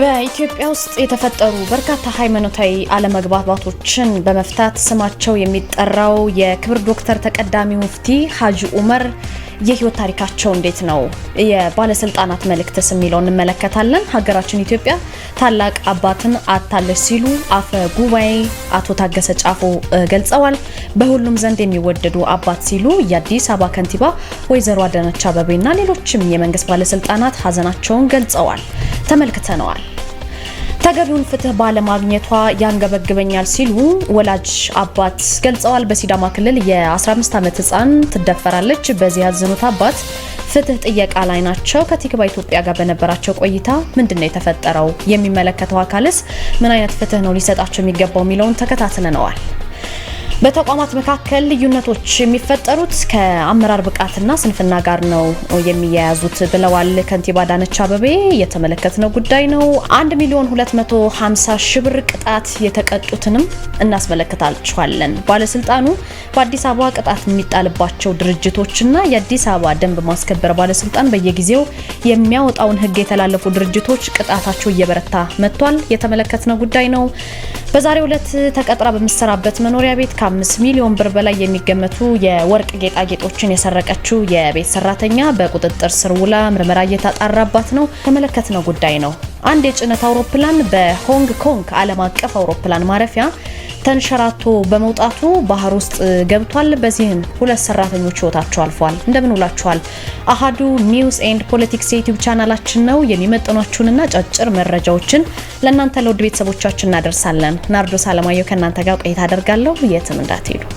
በኢትዮጵያ ውስጥ የተፈጠሩ በርካታ ሃይማኖታዊ አለመግባባቶችን በመፍታት ስማቸው የሚጠራው የክብር ዶክተር ተቀዳሚ ሙፍቲ ሀጂ ኡመር የህይወት ታሪካቸው እንዴት ነው የባለስልጣናት መልእክትስ የሚለው እንመለከታለን። ሀገራችን ኢትዮጵያ ታላቅ አባትን አታለች ሲሉ አፈ ጉባኤ አቶ ታገሰ ጫፎ ገልጸዋል። በሁሉም ዘንድ የሚወደዱ አባት ሲሉ የአዲስ አበባ ከንቲባ ወይዘሮ አዳነች አበቤና ሌሎችም የመንግስት ባለስልጣናት ሀዘናቸውን ገልጸዋል። ተመልክተነዋል። ተገቢውን ፍትህ ባለማግኘቷ ያንገበግበኛል ሲሉ ወላጅ አባት ገልጸዋል። በሲዳማ ክልል የ15 ዓመት ህፃን ትደፈራለች። በዚህ ያዘኑት አባት ፍትህ ጥየቃ ላይ ናቸው። ከቲክባ ኢትዮጵያ ጋር በነበራቸው ቆይታ ምንድነው የተፈጠረው? የሚመለከተው አካልስ ምን አይነት ፍትህ ነው ሊሰጣቸው የሚገባው የሚለውን ተከታትለነዋል። በተቋማት መካከል ልዩነቶች የሚፈጠሩት ከአመራር ብቃትና ስንፍና ጋር ነው የሚያያዙት ብለዋል ከንቲባ አዳነች አበቤ የተመለከትነው ጉዳይ ነው። 1 ሚሊዮን 250 ሺህ ብር ቅጣት የተቀጡትንም እናስመለከታችኋለን። ባለስልጣኑ በአዲስ አበባ ቅጣት የሚጣልባቸው ድርጅቶችና የአዲስ አበባ ደንብ ማስከበር ባለስልጣን በየጊዜው የሚያወጣውን ሕግ የተላለፉ ድርጅቶች ቅጣታቸው እየበረታ መጥቷል። የተመለከትነው ጉዳይ ነው። በዛሬው ዕለት ተቀጥራ በምሰራበት መኖሪያ ቤት ከ ሚሊዮን ብር በላይ የሚገመቱ የወርቅ ጌጣጌጦችን የሰረቀችው የቤት ሰራተኛ በቁጥጥር ስር ውላ ምርመራ እየተጣራባት ነው። የተመለከትነው ጉዳይ ነው። አንድ የጭነት አውሮፕላን በሆንግ ኮንግ ዓለም አቀፍ አውሮፕላን ማረፊያ ተንሸራቶ በመውጣቱ ባህር ውስጥ ገብቷል። በዚህም ሁለት ሰራተኞች ህይወታቸው አልፏል። እንደምን ውላችኋል። አሃዱ ኒውስ ኤንድ ፖለቲክስ የዩቲዩብ ቻናላችን ነው። የሚመጥኗችሁንና ጫጭር መረጃዎችን ለእናንተ ለውድ ቤተሰቦቻችን እናደርሳለን። ናርዶስ አለማየሁ ከእናንተ ጋር ቆይታ አደርጋለሁ። የትም እንዳትሄዱ።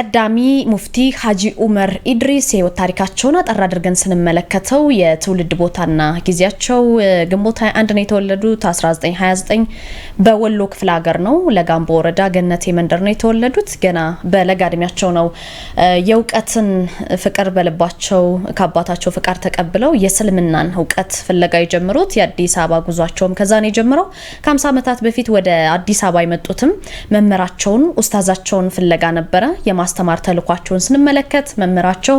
ተቀዳሚ ሙፍቲ ሀጂ ኡመር ኢድሪስ የህይወት ታሪካቸውን አጠር አድርገን ስንመለከተው የትውልድ ቦታና ጊዜያቸው ግንቦት 21 ነው የተወለዱት። 1929 በወሎ ክፍለ ሀገር ነው ለጋምቦ ወረዳ ገነቴ መንደር ነው የተወለዱት። ገና በለጋ እድሜያቸው ነው የእውቀትን ፍቅር በልባቸው ከአባታቸው ፍቃድ ተቀብለው የስልምናን እውቀት ፍለጋ የጀመሩት። የአዲስ አበባ ጉዟቸውም ከዛ ነው የጀምረው። ከ50 ዓመታት በፊት ወደ አዲስ አበባ የመጡትም መመራቸውን ኡስታዛቸውን ፍለጋ ነበረ። የማስተማር ተልኳቸውን ስንመለከት መምህራቸው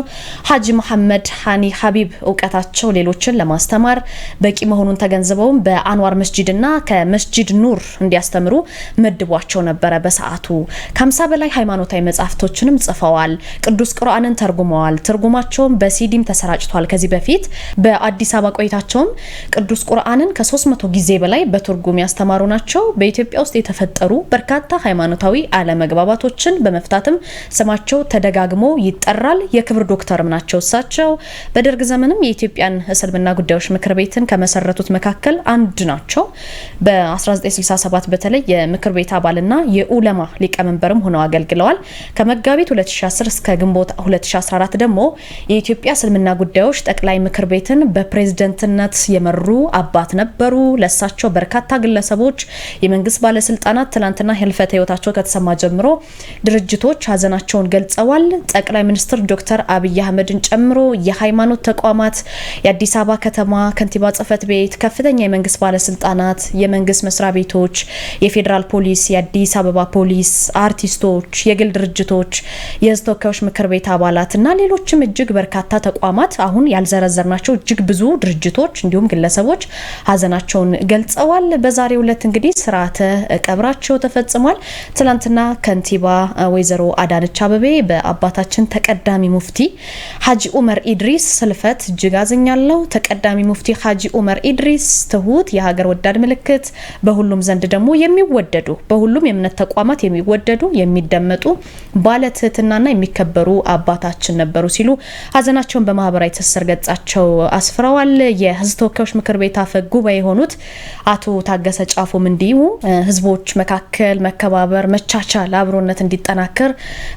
ሀጂ መሐመድ ሀኒ ሀቢብ እውቀታቸው ሌሎችን ለማስተማር በቂ መሆኑን ተገንዝበውም በአንዋር መስጂድና ከመስጂድ ኑር እንዲያስተምሩ መድቧቸው ነበረ። በሰዓቱ ከሀምሳ በላይ ሃይማኖታዊ መጽሐፍቶችንም ጽፈዋል። ቅዱስ ቁርአንን ተርጉመዋል። ትርጉማቸውም በሲዲም ተሰራጭቷል። ከዚህ በፊት በአዲስ አበባ ቆይታቸውም ቅዱስ ቁርአንን ከ300 ጊዜ በላይ በትርጉም ያስተማሩ ናቸው። በኢትዮጵያ ውስጥ የተፈጠሩ በርካታ ሃይማኖታዊ አለመግባባቶችን በመፍታትም ስማቸው ተደጋግሞ ይጠራል። የክብር ዶክተርም ናቸው። እሳቸው በደርግ ዘመንም የኢትዮጵያን እስልምና ጉዳዮች ምክር ቤትን ከመሰረቱት መካከል አንድ ናቸው። በ1967 በተለይ የምክር ቤት አባልና የኡለማ ሊቀመንበርም ሆነው አገልግለዋል። ከመጋቢት 2010 እስከ ግንቦት 2014 ደግሞ የኢትዮጵያ እስልምና ጉዳዮች ጠቅላይ ምክር ቤትን በፕሬዝደንትነት የመሩ አባት ነበሩ። ለሳቸው በርካታ ግለሰቦች፣ የመንግስት ባለስልጣናት ትናንትና ህልፈተ ህይወታቸው ከተሰማ ጀምሮ ድርጅቶች ሀዘናቸው መሆናቸውን ገልጸዋል። ጠቅላይ ሚኒስትር ዶክተር አብይ አህመድን ጨምሮ የሃይማኖት ተቋማት፣ የአዲስ አበባ ከተማ ከንቲባ ጽህፈት ቤት፣ ከፍተኛ የመንግስት ባለስልጣናት፣ የመንግስት መስሪያ ቤቶች፣ የፌዴራል ፖሊስ፣ የአዲስ አበባ ፖሊስ፣ አርቲስቶች፣ የግል ድርጅቶች፣ የህዝብ ተወካዮች ምክር ቤት አባላት እና ሌሎችም እጅግ በርካታ ተቋማት አሁን ያልዘረዘርናቸው እጅግ ብዙ ድርጅቶች እንዲሁም ግለሰቦች ሀዘናቸውን ገልጸዋል። በዛሬው ዕለት እንግዲህ ስርዓተ ቀብራቸው ተፈጽሟል። ትላንትና ከንቲባ ወይዘሮ አዳነች አበቤ በአባታችን ተቀዳሚ ሙፍቲ ሀጂ ኡመር ኢድሪስ ስልፈት እጅግ አዝኛለሁ። ተቀዳሚ ሙፍቲ ሀጂ ኡመር ኢድሪስ ትሁት፣ የሀገር ወዳድ ምልክት፣ በሁሉም ዘንድ ደግሞ የሚወደዱ በሁሉም የእምነት ተቋማት የሚወደዱ የሚደመጡ ባለትህትናና የሚከበሩ አባታችን ነበሩ ሲሉ ሀዘናቸውን በማህበራዊ ትስስር ገጻቸው አስፍረዋል። የህዝብ ተወካዮች ምክር ቤት አፈ ጉባኤ የሆኑት አቶ ታገሰ ጫፉም እንዲሁ ህዝቦች መካከል መከባበር፣ መቻቻል፣ አብሮነት እንዲጠናከር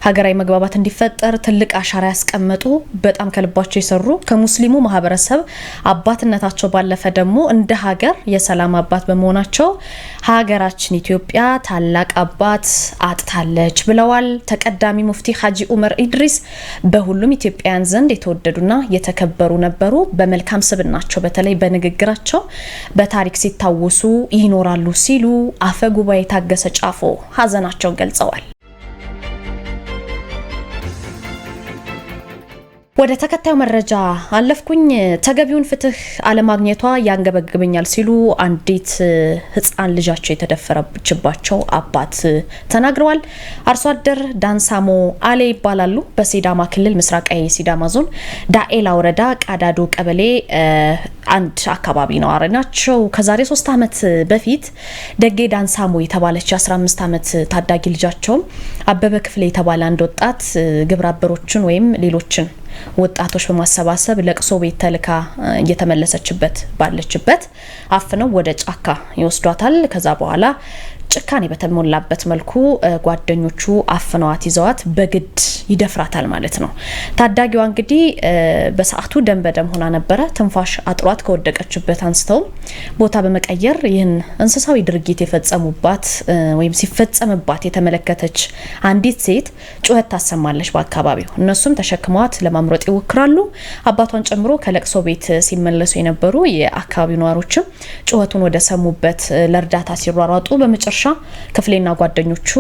ሀገራዊ መግባባት እንዲፈጠር ትልቅ አሻራ ያስቀመጡ በጣም ከልባቸው የሰሩ ከሙስሊሙ ማህበረሰብ አባትነታቸው ባለፈ ደግሞ እንደ ሀገር የሰላም አባት በመሆናቸው ሀገራችን ኢትዮጵያ ታላቅ አባት አጥታለች ብለዋል። ተቀዳሚ ሙፍቲ ሀጂ ኡመር ኢድሪስ በሁሉም ኢትዮጵያውያን ዘንድ የተወደዱና የተከበሩ ነበሩ። በመልካም ስብናቸው በተለይ በንግግራቸው በታሪክ ሲታወሱ ይኖራሉ ሲሉ አፈ ጉባኤ ታገሰ ጫፎ ሀዘናቸውን ገልጸዋል። ወደ ተከታዩ መረጃ አለፍኩኝ። ተገቢውን ፍትህ አለማግኘቷ ያንገበግብኛል ሲሉ አንዲት ህፃን ልጃቸው የተደፈረችባቸው አባት ተናግረዋል። አርሶ አደር ዳንሳሞ አሌ ይባላሉ። በሲዳማ ክልል ምስራቃዊ ሲዳማ ዞን ዳኤላ ወረዳ ቃዳዶ ቀበሌ አንድ አካባቢ ነዋሪ ናቸው። ከዛሬ ሶስት ዓመት በፊት ደጌ ዳንሳሞ የተባለች 15 ዓመት ታዳጊ ልጃቸውም አበበ ክፍሌ የተባለ አንድ ወጣት ግብረ አበሮችን ወይም ሌሎችን ወጣቶች በማሰባሰብ ለቅሶ ቤት ተልካ እየተመለሰችበት ባለችበት አፍነው ወደ ጫካ ይወስዷታል። ከዛ በኋላ ጭካኔ በተሞላበት መልኩ ጓደኞቹ አፍነዋት ይዘዋት በግድ ይደፍራታል ማለት ነው። ታዳጊዋ እንግዲህ በሰዓቱ ደም በደም ሆና ነበረ። ትንፋሽ አጥሯት ከወደቀችበት አንስተው ቦታ በመቀየር ይህን እንስሳዊ ድርጊት የፈጸሙባት ወይም ሲፈጸምባት የተመለከተች አንዲት ሴት ጩኸት ታሰማለች በአካባቢው። እነሱም ተሸክመዋት ለማምረጥ ይሞክራሉ። አባቷን ጨምሮ ከለቅሶ ቤት ሲመለሱ የነበሩ የአካባቢው ነዋሪዎችም ጩኸቱን ወደ ሰሙበት ለእርዳታ ሲሯሯጡ በመጨረሻ አድራሻ ክፍሌና ጓደኞቹ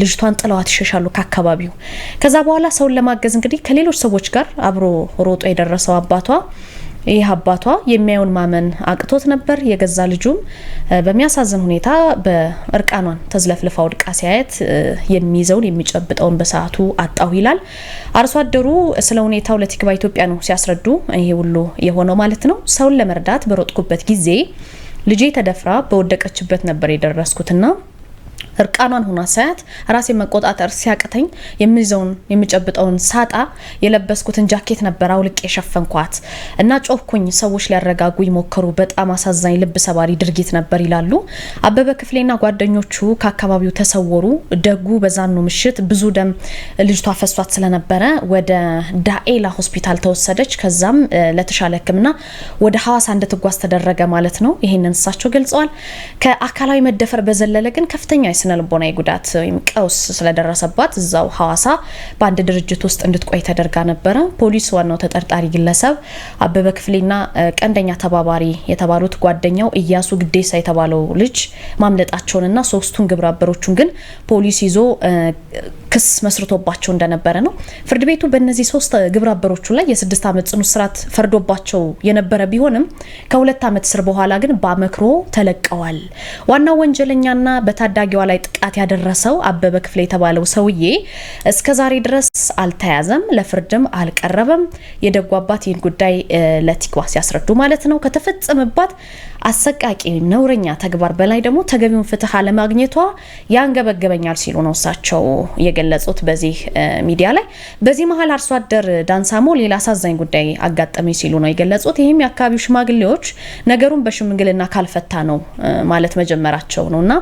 ልጅቷን ጥለዋት ይሸሻሉ ከአካባቢው። ከዛ በኋላ ሰውን ለማገዝ እንግዲህ ከሌሎች ሰዎች ጋር አብሮ ሮጦ የደረሰው አባቷ ይህ አባቷ የሚያውን ማመን አቅቶት ነበር። የገዛ ልጁም በሚያሳዝን ሁኔታ በእርቃኗን ተዝለፍልፋ ወድቃ ሲያየት የሚይዘውን የሚጨብጠውን በሰዓቱ አጣሁ ይላል። አርሶ አደሩ ስለ ሁኔታው ለቲክባ ኢትዮጵያ ነው ሲያስረዱ ይሄ ሁሉ የሆነው ማለት ነው። ሰውን ለመርዳት በሮጥኩበት ጊዜ ልጄ ተደፍራ በወደቀችበት ነበር የደረስኩትና እርቃኗን ሆና ሳያት ራሴ መቆጣጠር ሲያቅተኝ የሚይዘውን የሚጨብጠውን ሳጣ የለበስኩትን ጃኬት ነበር አውልቅ የሸፈንኳት እና ጮኩኝ። ሰዎች ሊያረጋጉ ይሞከሩ። በጣም አሳዛኝ፣ ልብ ሰባሪ ድርጊት ነበር ይላሉ አበበ ክፍሌና ጓደኞቹ ከአካባቢው ተሰወሩ። ደጉ በዛኑ ምሽት ብዙ ደም ልጅቷ ፈሷት ስለነበረ ወደ ዳኤላ ሆስፒታል ተወሰደች። ከዛም ለተሻለ ሕክምና ወደ ሀዋሳ እንድትጓዝ ተደረገ ማለት ነው። ይህንን እሳቸው ገልጸዋል። ከአካላዊ መደፈር በዘለለ ግን ከፍተኛ የስነ ልቦናዊ ጉዳት ወይም ቀውስ ስለደረሰባት እዛው ሀዋሳ በአንድ ድርጅት ውስጥ እንድትቆይ ተደርጋ ነበረ። ፖሊስ ዋናው ተጠርጣሪ ግለሰብ አበበ ክፍሌና ቀንደኛ ተባባሪ የተባሉት ጓደኛው እያሱ ግዴሳ የተባለው ልጅ ማምለጣቸውንና ሶስቱን ግብረ ግን ፖሊስ ይዞ ክስ መስርቶባቸው እንደነበረ ነው። ፍርድ ቤቱ በእነዚህ ሶስት ግብረ አበሮቹ ላይ የስድስት ዓመት ጽኑ እስራት ፈርዶባቸው የነበረ ቢሆንም ከሁለት ዓመት እስር በኋላ ግን በአመክሮ ተለቀዋል። ዋናው ወንጀለኛና በታዳጊዋ ላይ ላይ ጥቃት ያደረሰው አበበ ክፍሌ የተባለው ሰውዬ እስከ ዛሬ ድረስ አልተያዘም፣ ለፍርድም አልቀረበም። የደጉ አባት ይህን ጉዳይ ለቲክዋ ሲያስረዱ ማለት ነው ከተፈጸመባት አሰቃቂ ነውረኛ ተግባር በላይ ደግሞ ተገቢውን ፍትህ አለማግኘቷ ያንገበገበኛል ሲሉ ነው እሳቸው የገለጹት በዚህ ሚዲያ ላይ። በዚህ መሀል አርሶ አደር ዳንሳሞ ሌላ አሳዛኝ ጉዳይ አጋጠመኝ ሲሉ ነው የገለጹት። ይህም የአካባቢው ሽማግሌዎች ነገሩን በሽምግልና ካልፈታ ነው ማለት መጀመራቸው ነው እና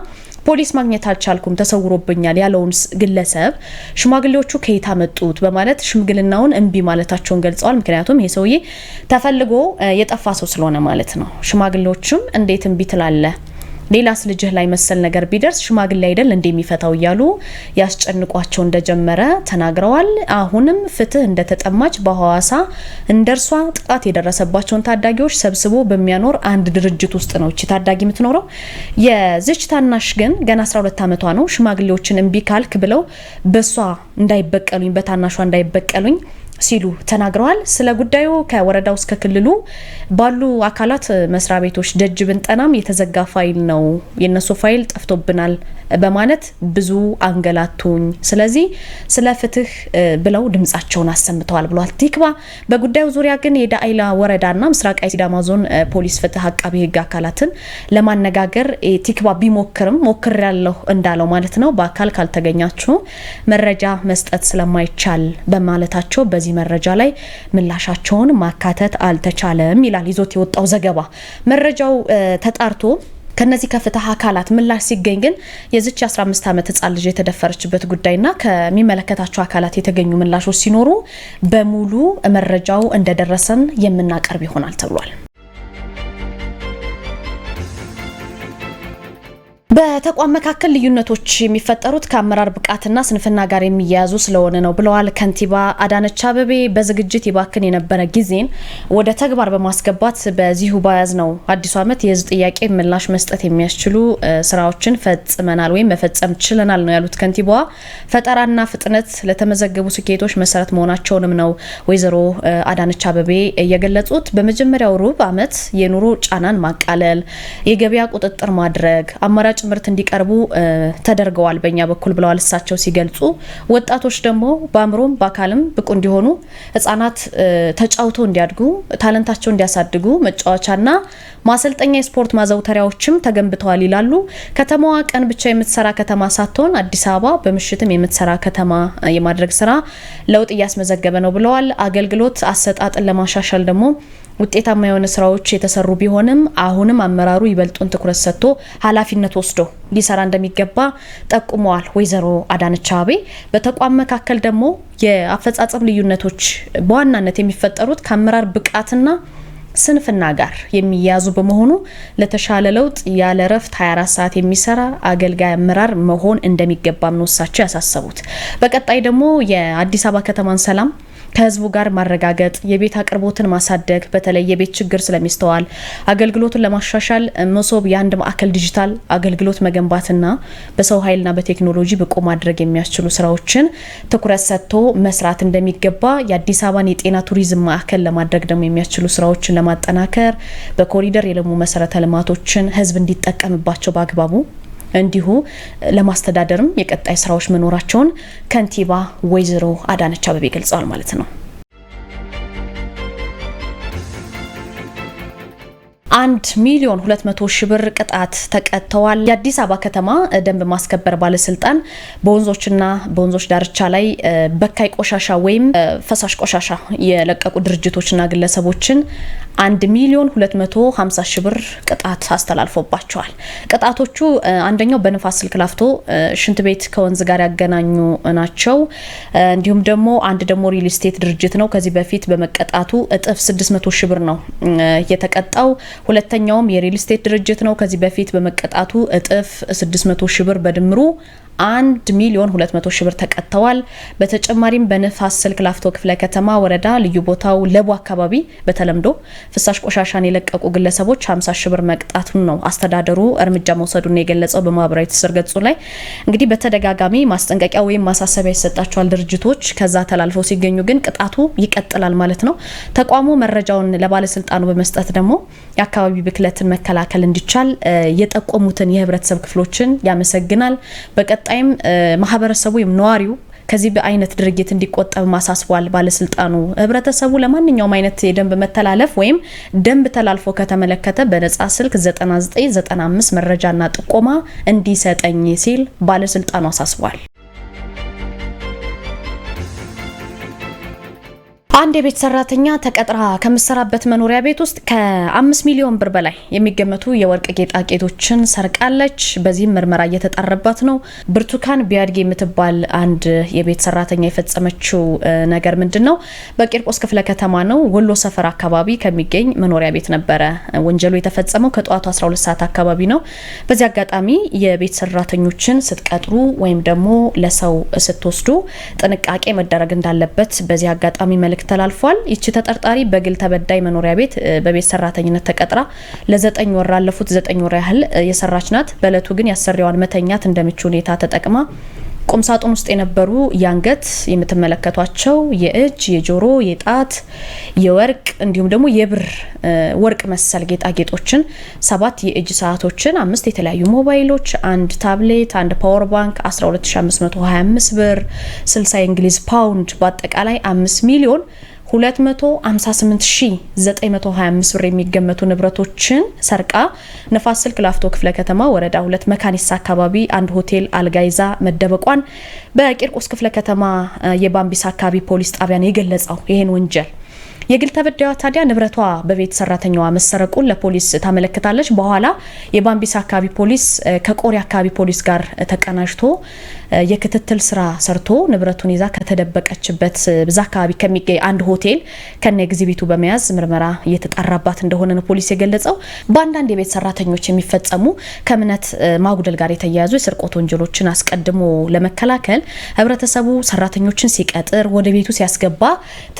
ፖሊስ ማግኘት አልቻልኩም ተሰውሮብኛል ያለውን ግለሰብ ሽማግሌዎቹ ከየት አመጡት በማለት ሽምግልናውን እምቢ ማለታቸውን ገልጸዋል። ምክንያቱም ይህ ሰውዬ ተፈልጎ የጠፋ ሰው ስለሆነ ማለት ነው። ሽማግሌዎቹም እንዴት እምቢ ትላለህ ሌላስ ልጅህ ላይ መሰል ነገር ቢደርስ ሽማግሌ አይደል እንደሚፈታው እያሉ ያስጨንቋቸው እንደጀመረ ተናግረዋል። አሁንም ፍትህ እንደተጠማች በሐዋሳ እንደርሷ ጥቃት የደረሰባቸውን ታዳጊዎች ሰብስቦ በሚያኖር አንድ ድርጅት ውስጥ ነው እቺ ታዳጊ የምትኖረው። የዝች ታናሽ ግን ገና 12 ዓመቷ ነው። ሽማግሌዎችን እምቢ ካልክ ብለው በሷ እንዳይበቀሉኝ በታናሿ እንዳይበቀሉኝ ሲሉ ተናግረዋል። ስለ ጉዳዩ ከወረዳው እስከ ክልሉ ባሉ አካላት መስሪያ ቤቶች ደጅ ብንጠናም የተዘጋ ፋይል ነው፣ የነሱ ፋይል ጠፍቶብናል በማለት ብዙ አንገላቱኝ፣ ስለዚህ ስለ ፍትህ ብለው ድምጻቸውን አሰምተዋል ብሏል ቲክባ። በጉዳዩ ዙሪያ ግን የዳይላ ወረዳና ምስራቅ ሲዳማ ዞን ፖሊስ ፍትህ አቃቢ ህግ አካላትን ለማነጋገር ቲክባ ቢሞክርም ሞክር ያለሁ እንዳለው ማለት ነው በአካል ካልተገኛችሁ መረጃ መስጠት ስለማይቻል በማለታቸው በዚህ መረጃ ላይ ምላሻቸውን ማካተት አልተቻለም ይላል ይዞት የወጣው ዘገባ። መረጃው ተጣርቶ ከነዚህ ከፍትህ አካላት ምላሽ ሲገኝ ግን የዚች 15 ዓመት ህጻን ልጅ የተደፈረችበት ጉዳይና ከሚመለከታቸው አካላት የተገኙ ምላሾች ሲኖሩ በሙሉ መረጃው እንደደረሰን የምናቀርብ ይሆናል ተብሏል። በተቋም መካከል ልዩነቶች የሚፈጠሩት ከአመራር ብቃትና ስንፍና ጋር የሚያያዙ ስለሆነ ነው ብለዋል ከንቲባ አዳነች አበቤ። በዝግጅት ይባክን የነበረ ጊዜን ወደ ተግባር በማስገባት በዚሁ ነው አዲሱ ዓመት የህዝብ ጥያቄ ምላሽ መስጠት የሚያስችሉ ስራዎችን ፈጽመናል ወይም መፈጸም ችለናል ነው ያሉት ከንቲባዋ። ፈጠራና ፍጥነት ለተመዘገቡ ስኬቶች መሰረት መሆናቸውንም ነው ወይዘሮ አዳነች አበቤ የገለጹት። በመጀመሪያው ሩብ ዓመት የኑሮ ጫናን ማቃለል፣ የገበያ ቁጥጥር ማድረግ አማራጭ ምርት እንዲቀርቡ ተደርገዋል በእኛ በኩል ብለዋል እሳቸው ሲገልጹ። ወጣቶች ደግሞ በአእምሮም በአካልም ብቁ እንዲሆኑ ህጻናት ተጫውተው እንዲያድጉ ታለንታቸው እንዲያሳድጉ መጫወቻና ማሰልጠኛ የስፖርት ማዘውተሪያዎችም ተገንብተዋል ይላሉ። ከተማዋ ቀን ብቻ የምትሰራ ከተማ ሳትሆን አዲስ አበባ በምሽትም የምትሰራ ከተማ የማድረግ ስራ ለውጥ እያስመዘገበ ነው ብለዋል። አገልግሎት አሰጣጥን ለማሻሻል ደግሞ ውጤታማ የሆነ ስራዎች የተሰሩ ቢሆንም አሁንም አመራሩ ይበልጡን ትኩረት ሰጥቶ ኃላፊነት ወስዶ ወስዶ ሊሰራ እንደሚገባ ጠቁመዋል። ወይዘሮ አዳነች አቤ በተቋም መካከል ደግሞ የአፈጻጸም ልዩነቶች በዋናነት የሚፈጠሩት ከአመራር ብቃትና ስንፍና ጋር የሚያያዙ በመሆኑ ለተሻለ ለውጥ ያለ እረፍት 24 ሰዓት የሚሰራ አገልጋይ አመራር መሆን እንደሚገባም ነው እሳቸው ያሳሰቡት። በቀጣይ ደግሞ የአዲስ አበባ ከተማን ሰላም ከህዝቡ ጋር ማረጋገጥ፣ የቤት አቅርቦትን ማሳደግ፣ በተለይ የቤት ችግር ስለሚስተዋል አገልግሎትን ለማሻሻል መሶብ የአንድ ማዕከል ዲጂታል አገልግሎት መገንባትና በሰው ኃይልና በቴክኖሎጂ ብቁ ማድረግ የሚያስችሉ ስራዎችን ትኩረት ሰጥቶ መስራት እንደሚገባ የአዲስ አበባን የጤና ቱሪዝም ማዕከል ለማድረግ ደግሞ የሚያስችሉ ስራዎችን ለማጠናከር በኮሪደር የለሙ መሰረተ ልማቶችን ህዝብ እንዲጠቀምባቸው በአግባቡ እንዲሁ ለማስተዳደርም የቀጣይ ስራዎች መኖራቸውን ከንቲባ ወይዘሮ አዳነች አበቤ ገልጸዋል ማለት ነው። አንድ ሚሊዮን መቶ ሺህ ብር ቅጣት ተቀጥተዋል። የአዲስ አበባ ከተማ ደንብ ማስከበር ባለስልጣን በወንዞችና በወንዞች ዳርቻ ላይ በካይ ቆሻሻ ወይም ፈሳሽ ቆሻሻ የለቀቁ ድርጅቶችና ግለሰቦችን አንድ ሚሊዮን 250 ሺህ ብር ቅጣት አስተላልፎባቸዋል። ቅጣቶቹ አንደኛው በንፋስ ስልክ ላፍቶ ሽንት ቤት ከወንዝ ጋር ያገናኙ ናቸው። እንዲሁም ደግሞ አንድ ደግሞ ሪል ስቴት ድርጅት ነው። ከዚህ በፊት በመቀጣቱ እጥፍ 600 ሺህ ብር ነው የተቀጣው። ሁለተኛውም የሪል ስቴት ድርጅት ነው። ከዚህ በፊት በመቀጣቱ እጥፍ 600 ሺህ ብር በድምሩ አንድ ሚሊዮን 200 ሺህ ብር ተቀጥተዋል። በተጨማሪም በንፋስ ስልክ ላፍቶ ክፍለ ከተማ ወረዳ ልዩ ቦታው ለቡ አካባቢ በተለምዶ ፍሳሽ ቆሻሻን የለቀቁ ግለሰቦች 50 ሺህ ብር መቅጣቱን ነው አስተዳደሩ እርምጃ መውሰዱን የገለጸው በማህበራዊ ትስስር ገጹ ላይ። እንግዲህ በተደጋጋሚ ማስጠንቀቂያ ወይም ማሳሰቢያ ይሰጣቸዋል ድርጅቶች። ከዛ ተላልፈው ሲገኙ ግን ቅጣቱ ይቀጥላል ማለት ነው። ተቋሙ መረጃውን ለባለስልጣኑ በመስጠት ደግሞ የአካባቢ ብክለትን መከላከል እንዲቻል የጠቆሙትን የህብረተሰብ ክፍሎችን ያመሰግናል። በቀጣይም ማህበረሰቡ ወይም ነዋሪው ከዚህ በአይነት ድርጊት እንዲቆጠብ ማሳስቧል ባለስልጣኑ። ህብረተሰቡ ለማንኛውም አይነት የደንብ መተላለፍ ወይም ደንብ ተላልፎ ከተመለከተ በነጻ ስልክ 9995 መረጃና ጥቆማ እንዲሰጠኝ ሲል ባለስልጣኑ አሳስቧል። አንድ የቤት ሰራተኛ ተቀጥራ ከምትሰራበት መኖሪያ ቤት ውስጥ ከአምስት ሚሊዮን ብር በላይ የሚገመቱ የወርቅ ጌጣጌጦችን ሰርቃለች። በዚህም ምርመራ እየተጣረባት ነው። ብርቱካን ቢያድጌ የምትባል አንድ የቤት ሰራተኛ የፈጸመችው ነገር ምንድን ነው? በቂርቆስ ክፍለ ከተማ ነው፣ ወሎ ሰፈር አካባቢ ከሚገኝ መኖሪያ ቤት ነበረ ወንጀሉ የተፈጸመው። ከጠዋቱ 12 ሰዓት አካባቢ ነው። በዚህ አጋጣሚ የቤት ሰራተኞችን ስትቀጥሩ ወይም ደግሞ ለሰው ስትወስዱ ጥንቃቄ መደረግ እንዳለበት በዚህ አጋጣሚ መልእክት ተላልፏል። ይቺ ተጠርጣሪ በግል ተበዳይ መኖሪያ ቤት በቤት ሰራተኝነት ተቀጥራ ለዘጠኝ ወር ላለፉት ዘጠኝ ወር ያህል የሰራች ናት። በእለቱ ግን ያሰሪዋን መተኛት እንደምቹ ሁኔታ ተጠቅማ ቁምሳጥን ውስጥ የነበሩ የአንገት የምትመለከቷቸው የእጅ፣ የጆሮ፣ የጣት፣ የወርቅ እንዲሁም ደግሞ የብር ወርቅ መሰል ጌጣጌጦችን፣ ሰባት የእጅ ሰዓቶችን፣ አምስት የተለያዩ ሞባይሎች፣ አንድ ታብሌት፣ አንድ ፓወር ባንክ 12525 ብር፣ 60 የእንግሊዝ ፓውንድ በአጠቃላይ 5 ሚሊዮን 258925 ብር የሚገመቱ ንብረቶችን ሰርቃ ነፋስ ስልክ ላፍቶ ክፍለ ከተማ ወረዳ ሁለት መካኒሳ አካባቢ አንድ ሆቴል አልጋ ይዛ መደበቋን በቂርቆስ ክፍለ ከተማ የባምቢስ አካባቢ ፖሊስ ጣቢያን የገለጸው ይህን ወንጀል የግል ተበዳይዋ ታዲያ ንብረቷ በቤት ሰራተኛዋ መሰረቁን ለፖሊስ ታመለክታለች። በኋላ የባምቢስ አካባቢ ፖሊስ ከቆሪ አካባቢ ፖሊስ ጋር ተቀናጅቶ የክትትል ስራ ሰርቶ ንብረቱን ይዛ ከተደበቀችበት ብዛ አካባቢ ከሚገኝ አንድ ሆቴል ከነ ኤግዚቢቱ በመያዝ ምርመራ እየተጣራባት እንደሆነ ነው ፖሊስ የገለጸው። በአንዳንድ የቤት ሰራተኞች የሚፈጸሙ ከእምነት ማጉደል ጋር የተያያዙ የስርቆት ወንጀሎችን አስቀድሞ ለመከላከል ህብረተሰቡ ሰራተኞችን ሲቀጥር፣ ወደ ቤቱ ሲያስገባ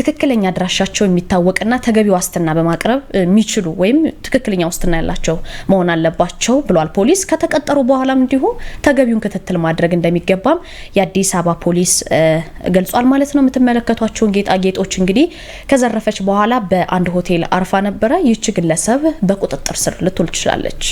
ትክክለኛ አድራሻቸው የሚታወቅና ተገቢ ዋስትና በማቅረብ የሚችሉ ወይም ትክክለኛ ዋስትና ያላቸው መሆን አለባቸው ብሏል። ፖሊስ ከተቀጠሩ በኋላም እንዲሁ ተገቢውን ክትትል ማድረግ እንደሚገባም የአዲስ አበባ ፖሊስ ገልጿል ማለት ነው። የምትመለከቷቸውን ጌጣጌጦች እንግዲህ ከዘረፈች በኋላ በአንድ ሆቴል አርፋ ነበረ። ይህች ግለሰብ በቁጥጥር ስር ልትውል ትችላለች።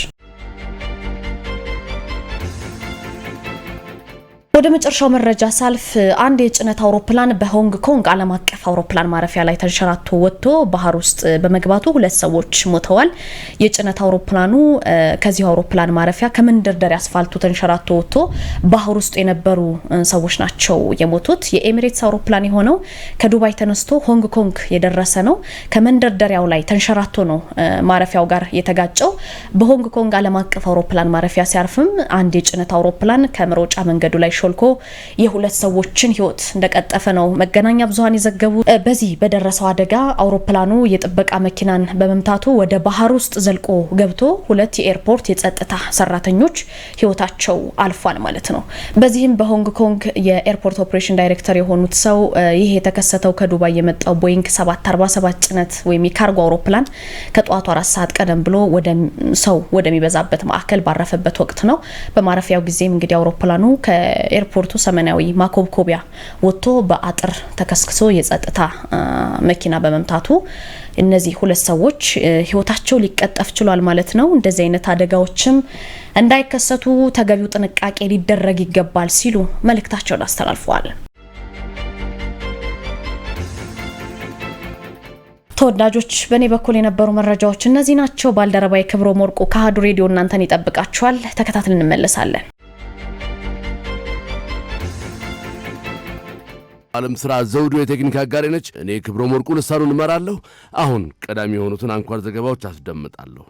ወደ መጨረሻው መረጃ ሳልፍ አንድ የጭነት አውሮፕላን በሆንግ ኮንግ ዓለም አቀፍ አውሮፕላን ማረፊያ ላይ ተንሸራቶ ወጥቶ ባህር ውስጥ በመግባቱ ሁለት ሰዎች ሞተዋል። የጭነት አውሮፕላኑ ከዚሁ አውሮፕላን ማረፊያ ከመንደርደሪያ አስፋልቱ ተንሸራቶ ወጥቶ ባህር ውስጥ የነበሩ ሰዎች ናቸው የሞቱት። የኤሚሬትስ አውሮፕላን የሆነው ከዱባይ ተነስቶ ሆንግ ኮንግ የደረሰ ነው። ከመንደርደሪያው ላይ ተንሸራቶ ነው ማረፊያው ጋር የተጋጨው። በሆንግ ኮንግ ዓለም አቀፍ አውሮፕላን ማረፊያ ሲያርፍም አንድ የጭነት አውሮፕላን ከመሮጫ መንገዱ ላይ ሾልኮ የሁለት ሰዎችን ህይወት እንደቀጠፈ ነው መገናኛ ብዙሀን የዘገቡ። በዚህ በደረሰው አደጋ አውሮፕላኑ የጥበቃ መኪናን በመምታቱ ወደ ባህር ውስጥ ዘልቆ ገብቶ ሁለት የኤርፖርት የጸጥታ ሰራተኞች ህይወታቸው አልፏል ማለት ነው። በዚህም በሆንግ ኮንግ የኤርፖርት ኦፕሬሽን ዳይሬክተር የሆኑት ሰው ይህ የተከሰተው ከዱባይ የመጣው ቦይንግ 747 ጭነት ወይም የካርጎ አውሮፕላን ከጠዋቱ አራት ሰዓት ቀደም ብሎ ወደ ሰው ወደሚበዛበት ማዕከል ባረፈበት ወቅት ነው። በማረፊያው ጊዜም እንግዲህ አውሮፕላኑ ከኤርፖርቱ ሰሜናዊ ማኮብኮቢያ ወጥቶ በአጥር ተከስክሶ የጸጥታ መኪና በመምታቱ እነዚህ ሁለት ሰዎች ህይወታቸው ሊቀጠፍ ችሏል ማለት ነው። እንደዚህ አይነት አደጋዎችም እንዳይከሰቱ ተገቢው ጥንቃቄ ሊደረግ ይገባል ሲሉ መልእክታቸውን አስተላልፈዋል። ተወዳጆች በእኔ በኩል የነበሩ መረጃዎች እነዚህ ናቸው። ባልደረባ የክብሮ ሞርቁ ከአሀዱ ሬዲዮ እናንተን ይጠብቃችኋል። ተከታትል እንመለሳለን። ዓለም ሥራ ዘውዱ የቴክኒክ አጋሪ ነች። እኔ ክብሮም ወርቁ ልሳኑን እመራለሁ። አሁን ቀዳሚ የሆኑትን አንኳር ዘገባዎች አስደምጣለሁ።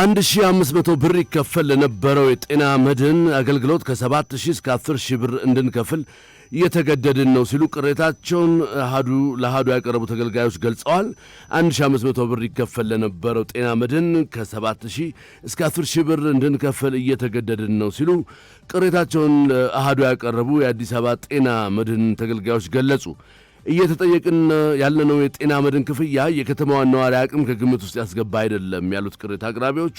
1500 ብር ይከፈል ለነበረው የጤና መድን አገልግሎት ከ7000 እስከ 10000 ብር እንድንከፍል እየተገደድን ነው ሲሉ ቅሬታቸውን አሃዱ ለአሃዱ ያቀረቡ ተገልጋዮች ገልጸዋል። 1500 ብር ይከፈል ለነበረው ጤና መድን ከ7000 እስከ 10000 ብር እንድንከፈል እየተገደድን ነው ሲሉ ቅሬታቸውን ለአሃዱ ያቀረቡ የአዲስ አበባ ጤና መድን ተገልጋዮች ገለጹ። እየተጠየቅን ያለነው የጤና መድን ክፍያ የከተማዋን ነዋሪ አቅም ከግምት ውስጥ ያስገባ አይደለም ያሉት ቅሬታ አቅራቢዎቹ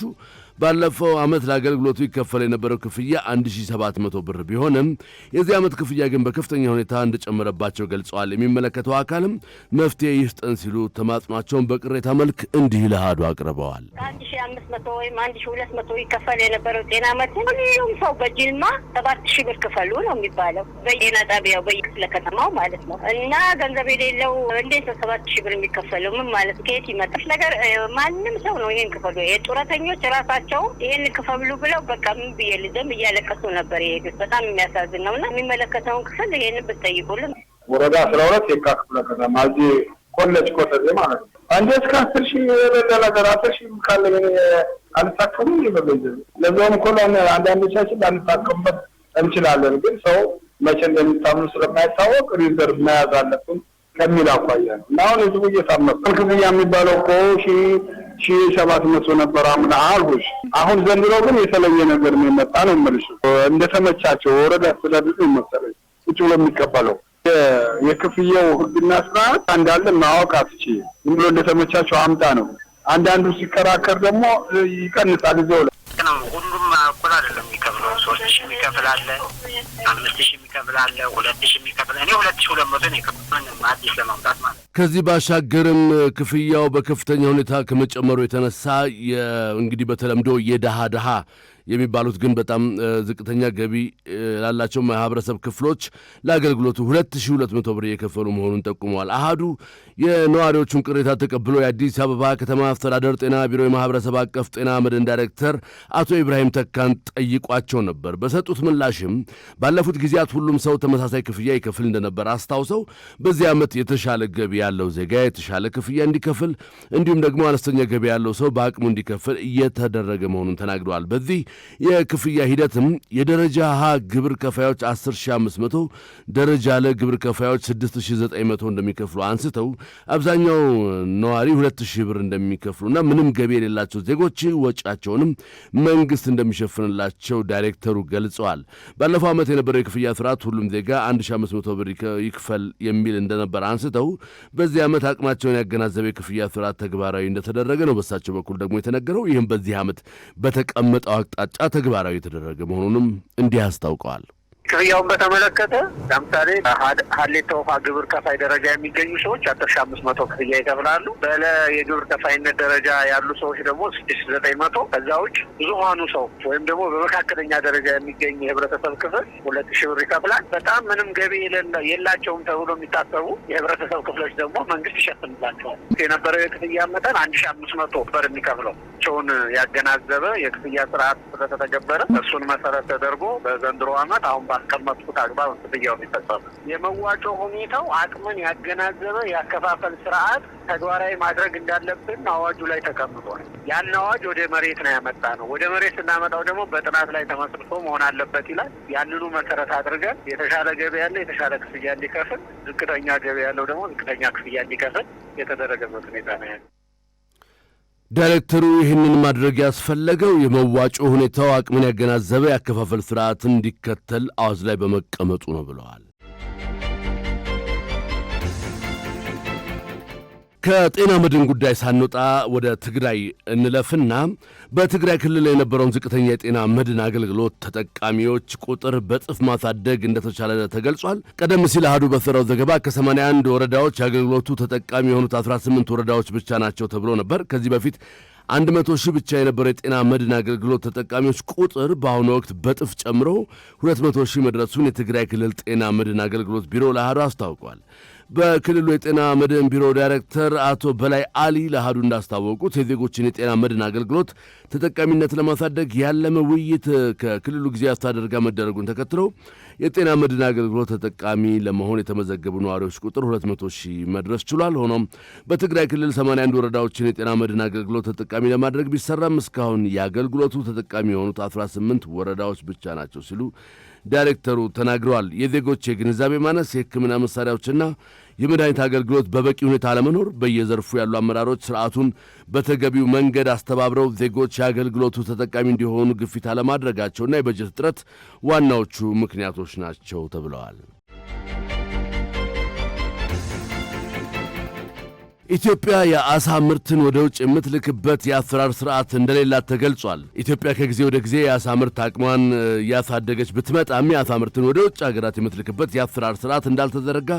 ባለፈው ዓመት ለአገልግሎቱ ይከፈል የነበረው ክፍያ 1700 ብር ቢሆንም የዚህ ዓመት ክፍያ ግን በከፍተኛ ሁኔታ እንደጨመረባቸው ገልጸዋል። የሚመለከተው አካልም መፍትሄ ይስጠን ሲሉ ተማጽኗቸውን በቅሬታ መልክ እንዲህ ለአሐዱ አቅርበዋል። ከ1500 ወይም 1200 ይከፈል የነበረው ጤና መት ሁሉም ሰው በጅልማ ሰባት ሺ ብር ክፈሉ ነው የሚባለው በየና ጣቢያው በየክፍለ ከተማው ማለት ነው እና ገንዘብ የሌለው እንዴት ነው ሰባት ሺ ብር የሚከፈለው? ምን ማለት ከየት ይመጣል ነገር ማንም ሰው ነው ይህን ክፈሉ የጡረተኞች ራሳ ናቸው። ይህን ክፈብሉ ብለው በቃ ምን ብዬ ልዘም እያለቀሱ ነበር የሄዱት። በጣም የሚያሳዝን ነው እና የሚመለከተውን ክፍል ይህን ብትጠይቁልን። ወረዳ አስራ ሁለት የካ ክፍለ ከተማ እዚህ ኮለጅ ኮተዜ ማለት ነው። አንዴ እስከ አስር ሺህ የበለጠ ነገር አስር ሺህ ካለ ይበገዝ በገንዘብ እኮ አንዳንድ አንዳንዶቻችን ላንታከምበት እንችላለን፣ ግን ሰው መቼ እንደሚታምኑ ስለማይታወቅ ሪዘርቭ መያዝ አለብን ከሚል አኳያ ነው እና አሁን ህዝቡ እየታመመ ክፍያ የሚባለው እኮ ሺህ ሺህ ሰባት መቶ ነበር አምና አልሁሽ። አሁን ዘንድሮ ግን የተለየ ነገር ነው የመጣ ነው የምልሽ። እንደተመቻቸው ወረዳ አስተዳደሩ መሰለኝ ቁጭ ብሎ የሚቀበለው የክፍያው ህግና ስርዓት እንዳለ ማወቅ አትችይም። ዝም ብሎ እንደተመቻቸው አምጣ ነው። አንዳንዱ ሲከራከር ደግሞ ይቀንሳል ጊዜው ነው። ሁሉም እኩል አይደለም የሚከፍለው። ሶስት ሺ የሚከፍል አለ፣ አምስት ሺ የሚከፍል አለ፣ ሁለት ሺ የሚከፍል እኔ ሁለት ሺ ሁለት መቶ ነው የከፈልኩት አዲስ ለማምጣት ማለት ከዚህ ባሻገርም ክፍያው በከፍተኛ ሁኔታ ከመጨመሩ የተነሳ እንግዲህ በተለምዶ የድሃ ድሃ የሚባሉት ግን በጣም ዝቅተኛ ገቢ ላላቸው ማህበረሰብ ክፍሎች ለአገልግሎቱ 2200 ብር የከፈሉ መሆኑን ጠቁመዋል። አሃዱ የነዋሪዎቹን ቅሬታ ተቀብሎ የአዲስ አበባ ከተማ አስተዳደር ጤና ቢሮ የማህበረሰብ አቀፍ ጤና መድን ዳይሬክተር አቶ ኢብራሂም ተካን ጠይቋቸው ነበር። በሰጡት ምላሽም ባለፉት ጊዜያት ሁሉም ሰው ተመሳሳይ ክፍያ ይከፍል እንደነበር አስታውሰው በዚህ ዓመት የተሻለ ገቢ ያለው ዜጋ የተሻለ ክፍያ እንዲከፍል እንዲሁም ደግሞ አነስተኛ ገቢ ያለው ሰው በአቅሙ እንዲከፍል እየተደረገ መሆኑን ተናግረዋል። በዚህ የክፍያ ሂደትም የደረጃ ሀ ግብር ከፋዮች 10500፣ ደረጃ ለ ግብር ከፋዮች 6900 እንደሚከፍሉ አንስተው አብዛኛው ነዋሪ 2000 ብር እንደሚከፍሉና ምንም ገቢ የሌላቸው ዜጎች ወጪያቸውንም መንግስት እንደሚሸፍንላቸው ዳይሬክተሩ ገልጸዋል። ባለፈው ዓመት የነበረው የክፍያ ስርዓት ሁሉም ዜጋ 1500 ብር ይክፈል የሚል እንደነበር አንስተው በዚህ ዓመት አቅማቸውን ያገናዘበ የክፍያ ስርዓት ተግባራዊ እንደተደረገ ነው በሳቸው በኩል ደግሞ የተነገረው። ይህም በዚህ ዓመት በተቀመጠው አቅጣ አቅጣጫ ተግባራዊ የተደረገ መሆኑንም እንዲህ አስታውቀዋል። ክፍያውን በተመለከተ ለምሳሌ ሀሌታ ውሃ ግብር ከፋይ ደረጃ የሚገኙ ሰዎች አስር ሺ አምስት መቶ ክፍያ ይከፍላሉ። በለ የግብር ከፋይነት ደረጃ ያሉ ሰዎች ደግሞ ስድስት ዘጠኝ መቶ ከዛ ውጭ ብዙሀኑ ሰው ወይም ደግሞ በመካከለኛ ደረጃ የሚገኝ የህብረተሰብ ክፍል ሁለት ሺ ብር ይከፍላል። በጣም ምንም ገቢ የላቸውም ተብሎ የሚታሰቡ የህብረተሰብ ክፍሎች ደግሞ መንግስት ይሸፍንላቸዋል። የነበረው የክፍያ መጠን አንድ ሺ አምስት መቶ ብር የሚከፍለው ቸውን ያገናዘበ የክፍያ ስርዓት ስለተተገበረ እሱን መሰረት ተደርጎ በዘንድሮ አመት አሁን ባ ባስቀመጥኩት አግባብ ክፍያው የሚፈጸም የመዋጮ ሁኔታው አቅምን ያገናዘበ የአከፋፈል ስርዓት ተግባራዊ ማድረግ እንዳለብን አዋጁ ላይ ተቀምጧል። ያን አዋጅ ወደ መሬት ነው ያመጣ ነው። ወደ መሬት ስናመጣው ደግሞ በጥናት ላይ ተመስርቶ መሆን አለበት ይላል። ያንኑ መሰረት አድርገን የተሻለ ገቢ ያለ የተሻለ ክፍያ እንዲከፍል፣ ዝቅተኛ ገቢ ያለው ደግሞ ዝቅተኛ ክፍያ እንዲከፍል የተደረገበት ሁኔታ ነው ያለ ዳይሬክተሩ ይህንን ማድረግ ያስፈለገው የመዋጮ ሁኔታው አቅምን ያገናዘበ የአከፋፈል ስርዓት እንዲከተል አዋጅ ላይ በመቀመጡ ነው ብለዋል። ከጤና መድን ጉዳይ ሳንወጣ ወደ ትግራይ እንለፍና በትግራይ ክልል የነበረውን ዝቅተኛ የጤና መድን አገልግሎት ተጠቃሚዎች ቁጥር በጥፍ ማሳደግ እንደተቻለ ተገልጿል። ቀደም ሲል አህዱ በሰራው ዘገባ ከ81 ወረዳዎች የአገልግሎቱ ተጠቃሚ የሆኑት 18 ወረዳዎች ብቻ ናቸው ተብሎ ነበር። ከዚህ በፊት አንድ ሺህ ብቻ የነበረ የጤና መድን አገልግሎት ተጠቃሚዎች ቁጥር በአሁኑ ወቅት በጥፍ ጨምሮ 200 ሺህ መድረሱን የትግራይ ክልል ጤና መድን አገልግሎት ቢሮ ለአህዱ አስታውቋል። በክልሉ የጤና መድህን ቢሮ ዳይሬክተር አቶ በላይ አሊ ለአሃዱ እንዳስታወቁት የዜጎችን የጤና መድን አገልግሎት ተጠቃሚነት ለማሳደግ ያለመ ውይይት ከክልሉ ጊዜ አስተዳደር ጋር መደረጉን ተከትለው የጤና መድን አገልግሎት ተጠቃሚ ለመሆን የተመዘገቡ ነዋሪዎች ቁጥር 200 ሺህ መድረስ ችሏል። ሆኖም በትግራይ ክልል 81 ወረዳዎችን የጤና መድን አገልግሎት ተጠቃሚ ለማድረግ ቢሰራም እስካሁን የአገልግሎቱ ተጠቃሚ የሆኑት 18 ወረዳዎች ብቻ ናቸው ሲሉ ዳይሬክተሩ ተናግረዋል። የዜጎች የግንዛቤ ማነስ፣ የሕክምና መሳሪያዎችና የመድኃኒት አገልግሎት በበቂ ሁኔታ አለመኖር፣ በየዘርፉ ያሉ አመራሮች ስርዓቱን በተገቢው መንገድ አስተባብረው ዜጎች የአገልግሎቱ ተጠቃሚ እንዲሆኑ ግፊት አለማድረጋቸውና የበጀት እጥረት ዋናዎቹ ምክንያቶች ናቸው ተብለዋል። ኢትዮጵያ የአሳ ምርትን ወደ ውጭ የምትልክበት የአሰራር ስርዓት እንደሌላት ተገልጿል። ኢትዮጵያ ከጊዜ ወደ ጊዜ የአሳ ምርት አቅሟን እያሳደገች ብትመጣም የአሳ ምርትን ወደ ውጭ ሀገራት የምትልክበት የአሰራር ስርዓት እንዳልተዘረጋ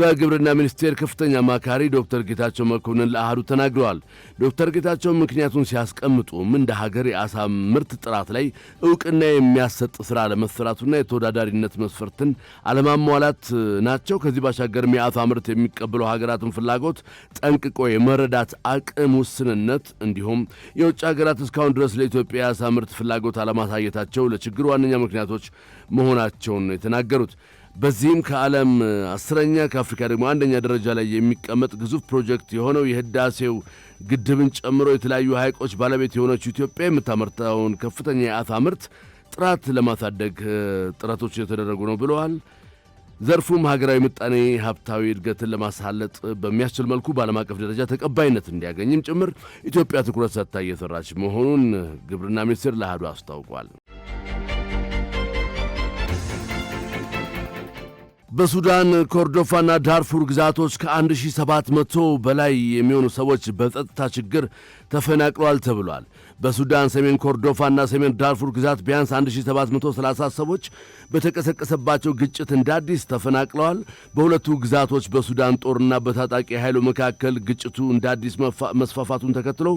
በግብርና ሚኒስቴር ከፍተኛ አማካሪ ዶክተር ጌታቸው መኮንን ለአህዱ ተናግረዋል። ዶክተር ጌታቸው ምክንያቱን ሲያስቀምጡም እንደ ሀገር የአሳ ምርት ጥራት ላይ እውቅና የሚያሰጥ ስራ ለመሰራቱና የተወዳዳሪነት መስፈርትን አለማሟላት ናቸው። ከዚህ ባሻገርም የአሳ ምርት የሚቀበለው ሀገራትን ፍላጎት ጠንቅቆ የመረዳት አቅም ውስንነት፣ እንዲሁም የውጭ ሀገራት እስካሁን ድረስ ለኢትዮጵያ የአሳ ምርት ፍላጎት አለማሳየታቸው ለችግሩ ዋነኛ ምክንያቶች መሆናቸውን የተናገሩት በዚህም ከዓለም አስረኛ ከአፍሪካ ደግሞ አንደኛ ደረጃ ላይ የሚቀመጥ ግዙፍ ፕሮጀክት የሆነው የህዳሴው ግድብን ጨምሮ የተለያዩ ሐይቆች ባለቤት የሆነችው ኢትዮጵያ የምታመርተውን ከፍተኛ የአሳ ምርት ጥራት ለማሳደግ ጥረቶች እየተደረጉ ነው ብለዋል። ዘርፉም ሀገራዊ ምጣኔ ሀብታዊ እድገትን ለማሳለጥ በሚያስችል መልኩ በዓለም አቀፍ ደረጃ ተቀባይነት እንዲያገኝም ጭምር ኢትዮጵያ ትኩረት ሰጥታ እየሰራች መሆኑን ግብርና ሚኒስቴር ለአሃዱ አስታውቋል። በሱዳን ኮርዶፋና ዳርፉር ግዛቶች ከ1700 በላይ የሚሆኑ ሰዎች በጸጥታ ችግር ተፈናቅለዋል ተብሏል። በሱዳን ሰሜን ኮርዶፋና ሰሜን ዳርፉር ግዛት ቢያንስ 1730 ሰዎች በተቀሰቀሰባቸው ግጭት እንደ አዲስ ተፈናቅለዋል። በሁለቱ ግዛቶች በሱዳን ጦርና በታጣቂ ኃይሉ መካከል ግጭቱ እንደ አዲስ መስፋፋቱን ተከትሎ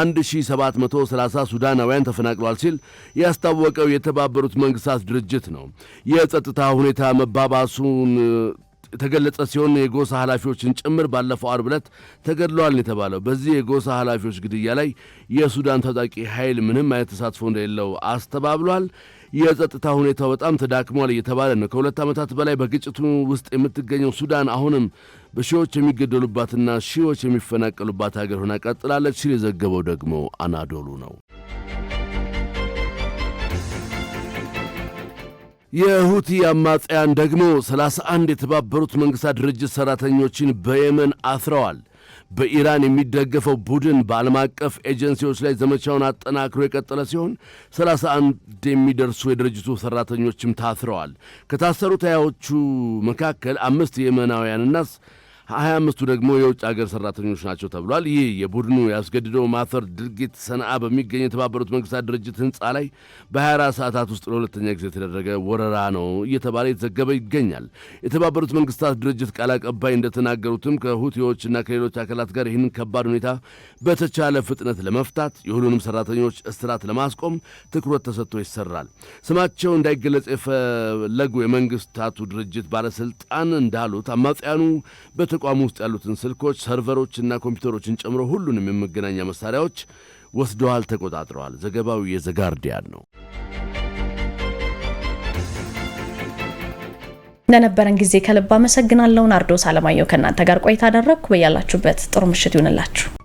1730 ሱዳናውያን ተፈናቅለዋል ሲል ያስታወቀው የተባበሩት መንግስታት ድርጅት ነው። የጸጥታ ሁኔታ መባባሱን የተገለጸ ሲሆን የጎሳ ኃላፊዎችን ጭምር ባለፈው አርብ ዕለት ተገድለዋል የተባለው። በዚህ የጎሳ ኃላፊዎች ግድያ ላይ የሱዳን ታጣቂ ኃይል ምንም አይነት ተሳትፎ እንደሌለው አስተባብሏል። የጸጥታ ሁኔታው በጣም ተዳክሟል እየተባለ ነው። ከሁለት ዓመታት በላይ በግጭቱ ውስጥ የምትገኘው ሱዳን አሁንም በሺዎች የሚገደሉባትና ሺዎች የሚፈናቀሉባት ሀገር ሆና ቀጥላለች ሲል የዘገበው ደግሞ አናዶሉ ነው። የሁቲ አማጽያን ደግሞ 31 የተባበሩት መንግሥታት ድርጅት ሠራተኞችን በየመን አስረዋል። በኢራን የሚደገፈው ቡድን በዓለም አቀፍ ኤጀንሲዎች ላይ ዘመቻውን አጠናክሮ የቀጠለ ሲሆን 31 የሚደርሱ የድርጅቱ ሠራተኞችም ታስረዋል። ከታሰሩት ሃያዎቹ መካከል አምስት የመናውያንና ሀያ አምስቱ ደግሞ የውጭ ሀገር ሰራተኞች ናቸው ተብሏል። ይህ የቡድኑ ያስገድዶ ማፈር ድርጊት ሰንዓ በሚገኝ የተባበሩት መንግስታት ድርጅት ህንፃ ላይ በ24 ሰዓታት ውስጥ ለሁለተኛ ጊዜ የተደረገ ወረራ ነው እየተባለ የተዘገበ ይገኛል። የተባበሩት መንግስታት ድርጅት ቃል አቀባይ እንደተናገሩትም ከሁቲዎችና ከሌሎች አካላት ጋር ይህንን ከባድ ሁኔታ በተቻለ ፍጥነት ለመፍታት የሁሉንም ሰራተኞች እስራት ለማስቆም ትኩረት ተሰጥቶ ይሰራል። ስማቸው እንዳይገለጽ የፈለጉ የመንግስታቱ ድርጅት ባለስልጣን እንዳሉት አማጽያኑ በተቋሙ ውስጥ ያሉትን ስልኮች፣ ሰርቨሮችና ኮምፒውተሮችን ጨምሮ ሁሉንም የመገናኛ መሳሪያዎች ወስደዋል፣ ተቆጣጥረዋል። ዘገባው የዘጋርዲያን ነው። ለነበረን ጊዜ ከልብ አመሰግናለሁ። ናርዶስ አለማየሁ ከእናንተ ጋር ቆይታ አደረግኩ። በያላችሁበት ጥሩ ምሽት ይሁንላችሁ።